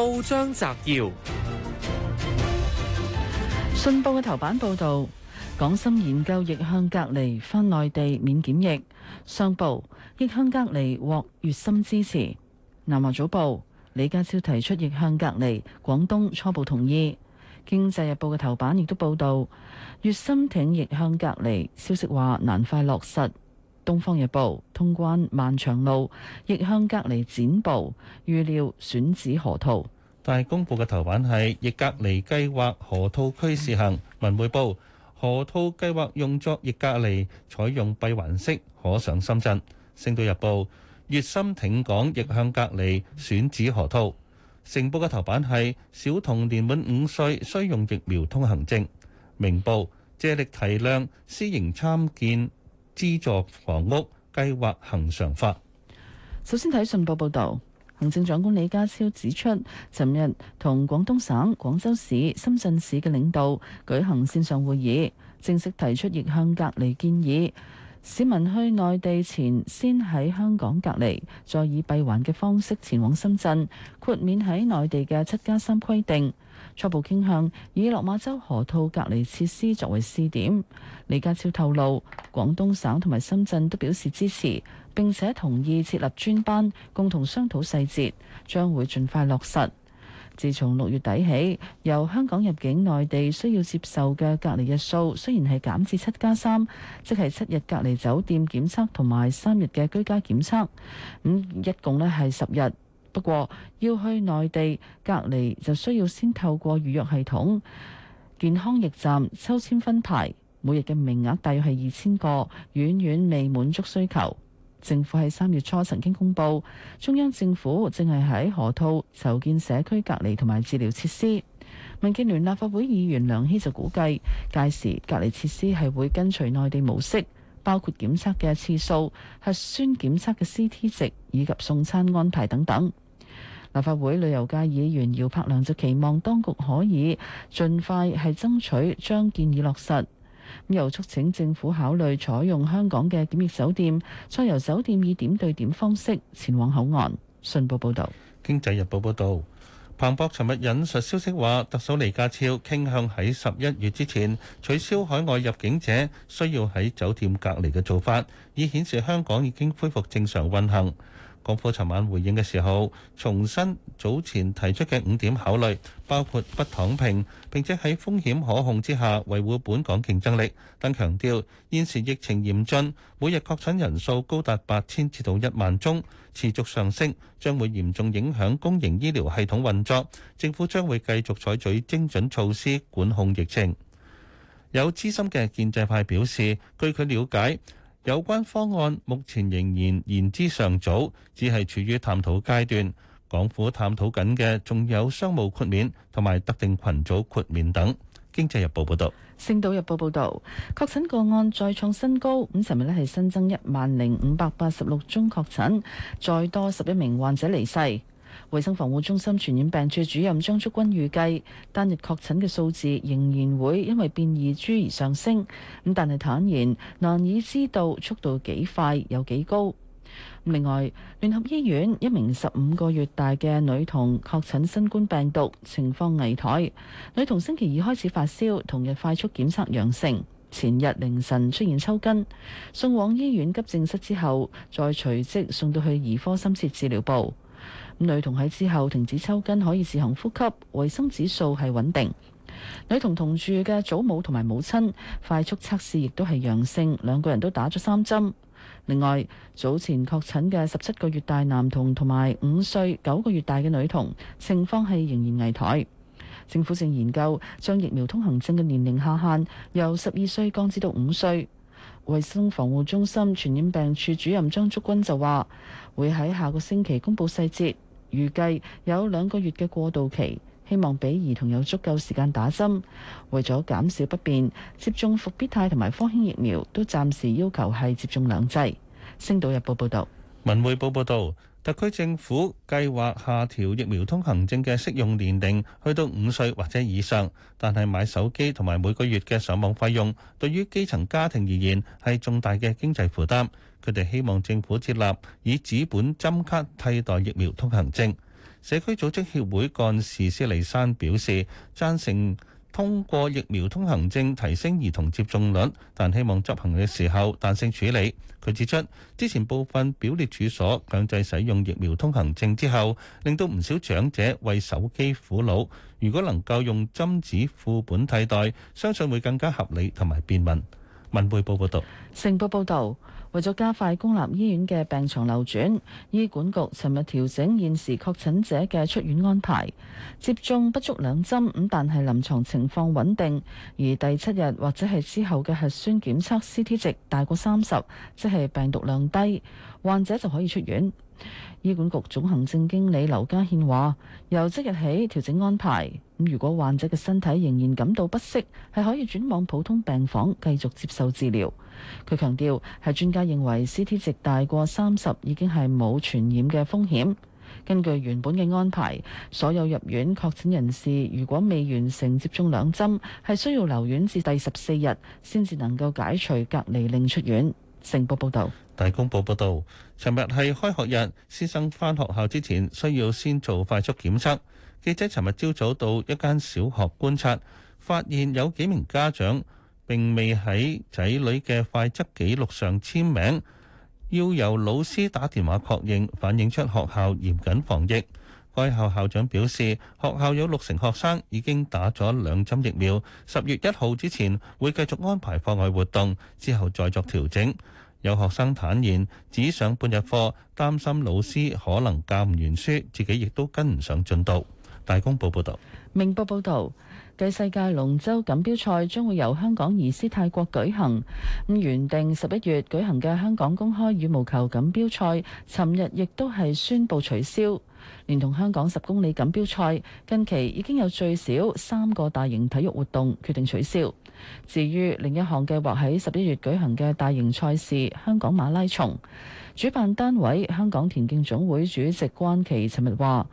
報章摘要：《信報》嘅頭版報道，港深研究逆向隔離，返內地免檢疫。《商報》逆向隔離獲粵深支持，《南華早報》李家超提出逆向隔離，廣東初步同意。《經濟日報》嘅頭版亦都報道，粵深挺逆向隔離，消息話難快落實。《東方日報》通關漫長路，逆向隔離展布，預料選址河套。大公報嘅頭版係逆隔離計劃河套區試行。文匯報：河套計劃用作逆隔離，採用閉環式，可上深圳。《星島日報》：粵深挺港，逆向隔離選址河套。《成報》嘅頭版係小童年滿五歲需用疫苗通行證。《明報》借力提亮，私營參建。資助房屋計劃恒常化。首先睇信報報道，行政長官李家超指出，尋日同廣東省、廣州市、深圳市嘅領導舉行線上會議，正式提出逆向隔離建議。市民去內地前，先喺香港隔離，再以閉環嘅方式前往深圳，豁免喺內地嘅七加三規定。初步傾向以落馬洲河套隔離設施作為試點。李家超透露，廣東省同埋深圳都表示支持，並且同意設立專班，共同商討細節，將會盡快落實。自從六月底起，由香港入境內地需要接受嘅隔離日數，雖然係減至七加三，3，即係七日隔離酒店檢測同埋三日嘅居家檢測，咁一共咧係十日。不過要去內地隔離就需要先透過預約系統健康驛站抽籤分牌，每日嘅名額大約係二千個，遠遠未滿足需求。政府喺三月初曾經公布，中央政府正係喺河套籌建社區隔離同埋治療設施。民建聯立法會議員梁希就估計，屆時隔離設施係會跟隨內地模式，包括檢測嘅次數、核酸檢測嘅 CT 值以及送餐安排等等。立法會旅遊界議員姚柏良就期望當局可以盡快係爭取將建議落實。又促請政府考慮採用香港嘅檢疫酒店，再由酒店以點對點方式前往口岸。信報報道：經濟日報報道，彭博尋日引述消息話，特首李家超傾向喺十一月之前取消海外入境者需要喺酒店隔離嘅做法，以顯示香港已經恢復正常運行。港府尋晚回應嘅時候，重申早前提出嘅五點考慮，包括不躺平，並且喺風險可控之下維護本港競爭力。但強調現時疫情嚴峻，每日確診人數高達八千至到一萬宗，持續上升，將會嚴重影響公營醫療系統運作。政府將會繼續採取精準措施管控疫情。有資深嘅建制派表示，據佢了解。有關方案目前仍然言之尚早，只係處於探討階段。港府探討緊嘅仲有商務豁免同埋特定群組豁免等。經濟日報報導，星島日報報導，確診個案再創新高。咁尋日呢係新增一萬零五百八十六宗確診，再多十一名患者離世。衛生防護中心傳染病處主任張竹君預計，單日確診嘅數字仍然會因為變異株而上升。咁但係坦言難以知道速度幾快有幾高。另外，聯合醫院一名十五個月大嘅女童確診新冠病毒，情況危殆。女童星期二開始發燒，同日快速檢測陽性，前日凌晨出現抽筋，送往醫院急症室之後，再隨即送到去兒科深切治療部。女童喺之後停止抽筋，可以自行呼吸，衞生指數係穩定。女童同住嘅祖母同埋母親快速測試亦都係陽性，兩個人都打咗三針。另外，早前確診嘅十七個月大男童同埋五歲九個月大嘅女童，情況係仍然危殆。政府正研究將疫苗通行證嘅年齡下限由十二歲降至到五歲。衞生防護中心傳染病處主任張竹君就話：會喺下個星期公佈細節。預計有兩個月嘅過渡期，希望俾兒童有足夠時間打針。為咗減少不便，接種復必泰同埋科興疫苗都暫時要求係接種兩劑。星島日報報道。文匯報報道。特區政府計劃下調疫苗通行證嘅適用年齡，去到五歲或者以上。但係買手機同埋每個月嘅上網費用，對於基層家庭而言係重大嘅經濟負擔。佢哋希望政府設立以紙本針卡替代疫苗通行證。社區組織協會幹事施麗珊表示贊成。通過疫苗通行證提升兒童接種率，但希望執行嘅時候彈性處理。佢指出，之前部分表列處所強制使用疫苗通行證之後，令到唔少長者為手機苦惱。如果能夠用針紙副本替代，相信會更加合理同埋便民。文匯報報道：「成報報道。」為咗加快公立醫院嘅病床流轉，醫管局尋日調整現時確診者嘅出院安排。接種不足兩針咁，但係臨床情況穩定，而第七日或者係之後嘅核酸檢測 CT 值大過三十，即係病毒量低，患者就可以出院。醫管局總行政經理劉家憲話：由即日起調整安排，咁如果患者嘅身體仍然感到不適，係可以轉往普通病房繼續接受治療。佢強調係專家認為 CT 值大過三十已經係冇傳染嘅風險。根據原本嘅安排，所有入院確診人士如果未完成接種兩針，係需要留院至第十四日先至能夠解除隔離令出院。成報報道。大公報報導，尋日係開學日，師生返學校之前需要先做快速檢測。記者尋日朝早到一間小學觀察，發現有幾名家長並未喺仔女嘅快測記錄上簽名，要由老師打電話確認，反映出學校嚴謹防疫。該校校長表示，學校有六成學生已經打咗兩針疫苗，十月一號之前會繼續安排課外活動，之後再作調整。有學生坦言，只上半日課，擔心老師可能教唔完書，自己亦都跟唔上進度。大公報報道：「明報報道，繼世界龍舟錦標賽將會由香港移師泰國舉行。原定十一月舉行嘅香港公開羽毛球錦標賽，尋日亦都係宣布取消。連同香港十公里錦標賽，近期已經有最少三個大型體育活動決定取消。至於另一項計劃喺十一月舉行嘅大型賽事——香港馬拉松，主辦單位香港田徑總會主席關琪尋日話，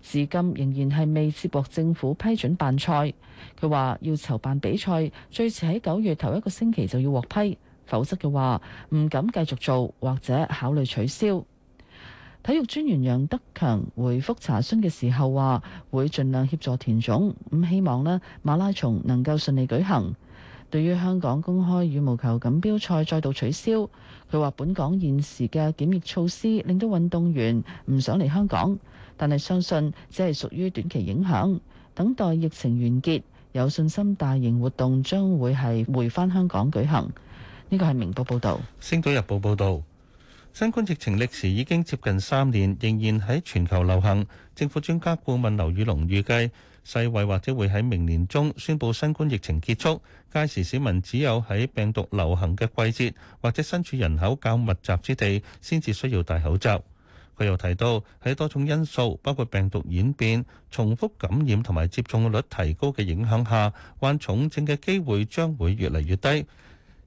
至今仍然係未接獲政府批准辦賽。佢話要籌辦比賽，最遲喺九月頭一個星期就要獲批，否則嘅話唔敢繼續做或者考慮取消。體育專員楊德強回覆查詢嘅時候話，會盡量協助田總，咁希望呢馬拉松能夠順利舉行。對於香港公開羽毛球錦標賽再度取消，佢話本港現時嘅檢疫措施令到運動員唔想嚟香港，但係相信只係屬於短期影響，等待疫情完結，有信心大型活動將會係回返香港舉行。呢個係明報報導，《星島日報》報導。新冠疫情歷時已經接近三年，仍然喺全球流行。政府專家顧問劉宇龍預計，世衛或者會喺明年中宣布新冠疫情結束。屆時市民只有喺病毒流行嘅季節，或者身處人口較密集之地，先至需要戴口罩。佢又提到，喺多重因素，包括病毒演變、重複感染同埋接種率提高嘅影響下，患重症嘅機會將會越嚟越低。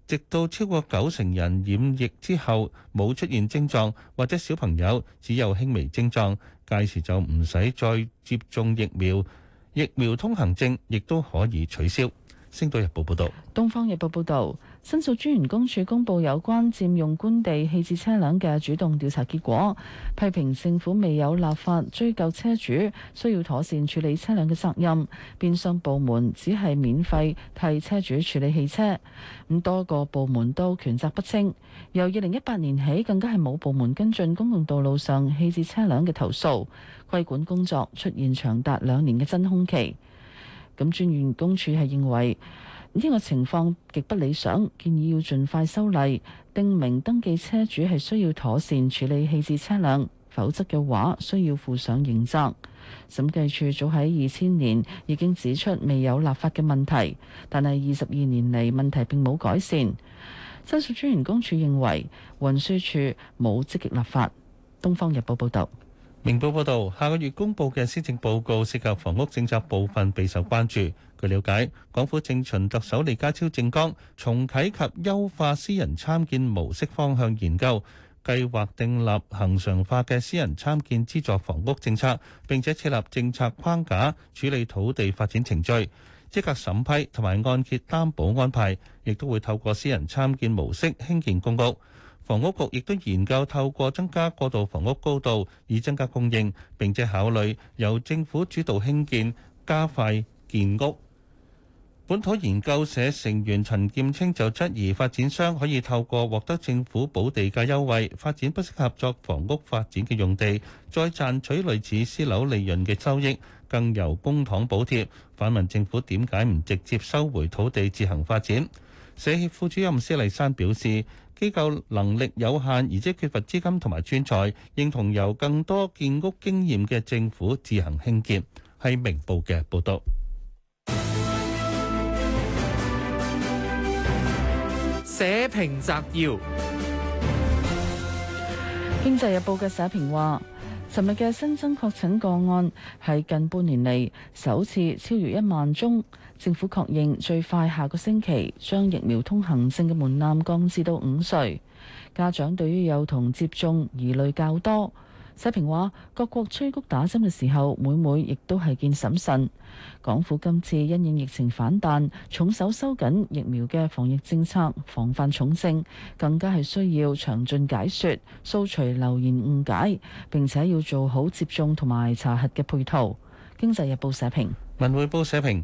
直到超過九成人染疫之後冇出現症狀，或者小朋友只有輕微症狀，屆時就唔使再接種疫苗，疫苗通行證亦都可以取消。星島日報報道。東方日報報道。申訴專員公署公布有關佔用官地棄置車輛嘅主動調查結果，批評政府未有立法追究車主，需要妥善處理車輛嘅責任。變相部門只係免費替車主處理汽車，咁多個部門都權責不清。由二零一八年起，更加係冇部門跟進公共道路上棄置車輛嘅投訴，規管工作出現長達兩年嘅真空期。咁專員公署係認為。呢個情況極不理想，建議要盡快修例，定明登記車主係需要妥善處理棄置車輛，否則嘅話需要負上刑責。審計署早喺二千年已經指出未有立法嘅問題，但係二十二年嚟問題並冇改善。申訴專員公署認為運輸署冇積極立法。東方日報報道。明報報道，下個月公佈嘅施政報告涉及房屋政策部分備受關注。據了解，港府正循特首李家超政綱，重啟及優化私人參建模式方向研究，計劃訂立恒常化嘅私人參建資助房屋政策，並且設立政策框架處理土地發展程序、資格審批同埋按揭擔保安排，亦都會透過私人參建模式興建公屋。房屋局亦都研究透過增加過渡房屋高度以增加供應，並且考慮由政府主導興建、加快建屋。本土研究社成員陳劍清就質疑發展商可以透過獲得政府補地價優惠，發展不適合作房屋發展嘅用地，再賺取類似私樓利潤嘅收益，更由公帑補貼。反問政府點解唔直接收回土地自行發展？社協副主任施麗珊表示，機構能力有限，而且缺乏資金同埋專才，認同由更多建屋經驗嘅政府自行興建。係明報嘅報道。社評摘要：經濟日報嘅社評話。昨日嘅新增確診個案係近半年嚟首次超越一萬宗。政府確認最快下個星期將疫苗通行證嘅門檻降至到五歲。家長對於幼童接種疑慮較多。社評話：各國催谷打針嘅時候，每每亦都係見審慎。港府今次因應疫情反彈，重手收緊疫苗嘅防疫政策，防範重症，更加係需要詳盡解說、掃除流言誤解，並且要做好接種同埋查核嘅配套。經濟日報社評、文匯報社評。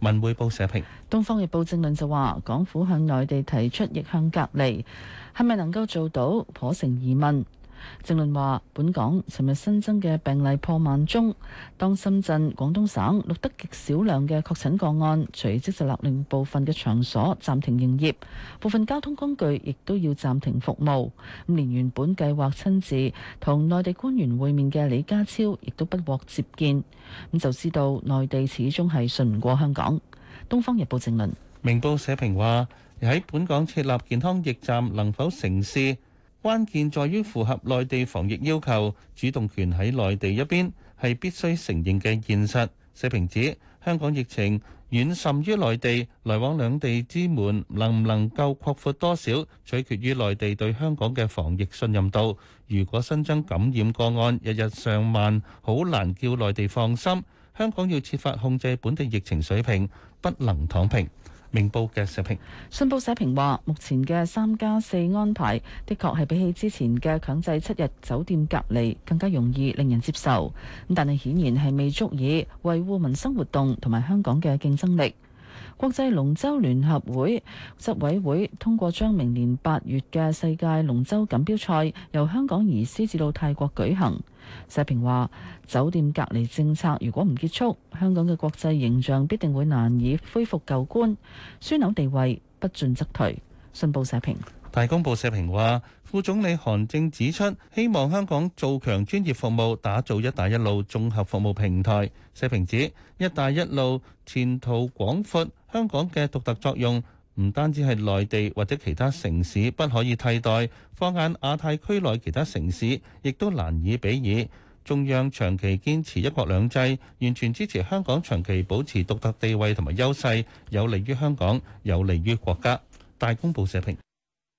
文匯報社評，《東方日報》正論就話：港府向內地提出逆向隔離，係咪能夠做到，頗成疑問。正論話，本港尋日新增嘅病例破萬宗，當深圳廣東省錄得極少量嘅確診個案，隨即就勒令部分嘅場所暫停營業，部分交通工具亦都要暫停服務。咁連原本計劃親自同內地官員會面嘅李家超，亦都不獲接見。咁就知道內地始終係信唔過香港。東方日報正論，明報社評話，喺本港設立健康驛站能否成事？關鍵在於符合內地防疫要求，主動權喺內地一邊，係必須承認嘅現實。社評指香港疫情，遠甚於內地，來往兩地之門，能唔能夠擴闊多少，取決於內地對香港嘅防疫信任度。如果新增感染個案，日日上萬，好難叫內地放心，香港要設法控制本地疫情水平，不能躺平。明報嘅社評，信報社評話，目前嘅三加四安排，的確係比起之前嘅強制七日酒店隔離更加容易令人接受。但係顯然係未足以維護民生活動同埋香港嘅競爭力。國際龍舟聯合會執委會通過將明年八月嘅世界龍舟錦標賽由香港移師至到泰國舉行。社評話：酒店隔離政策如果唔結束，香港嘅國際形象必定會難以恢復舊觀，樞紐地位不進則退。信報社評，大公報社評話，副總理韓正指出，希望香港做強專業服務，打造一帶一路綜合服務平台。社評指，一帶一路前途廣闊，香港嘅獨特作用。唔單止係內地或者其他城市不可以替代，放眼亞太區內其他城市，亦都難以比擬。中央長期堅持一國兩制，完全支持香港長期保持獨特地位同埋優勢，有利於香港，有利於國家。大公報社評。